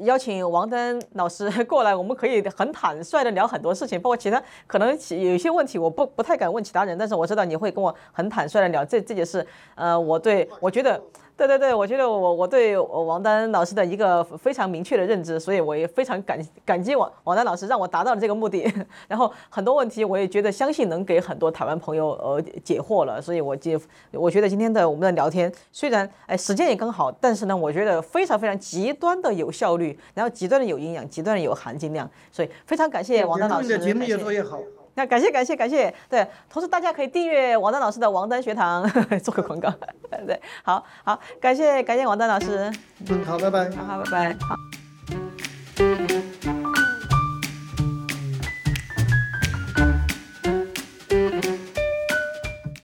邀請王丹老師過來，我們可以很坦率的聊很多事情，包括其他可能有一些問題，我不不太敢問其他人，但是我知道你會跟我很坦率的聊這這件事。呃，我對，我覺得。對對對，我覺得我我對王丹老師的一個非常明確的認知，所以我也非常感激感激王王丹老師讓我達到了這個目的。然後很多問題我也覺得相信能給很多台灣朋友呃解惑了。所以我就我覺得今天的我們的聊天雖然哎時間也剛好，但是呢我覺得非常非常極端的有效率，然後極端的有營養，極端的有含金量。所以非常感謝王丹老師。節目越多越好。那感謝感謝感謝，對，同時大家可以訂閱王丹老師的王丹學堂，呵呵做個廣告，對，好，好，感謝感謝王丹老師，嗯，好，拜拜，好，好拜拜，好。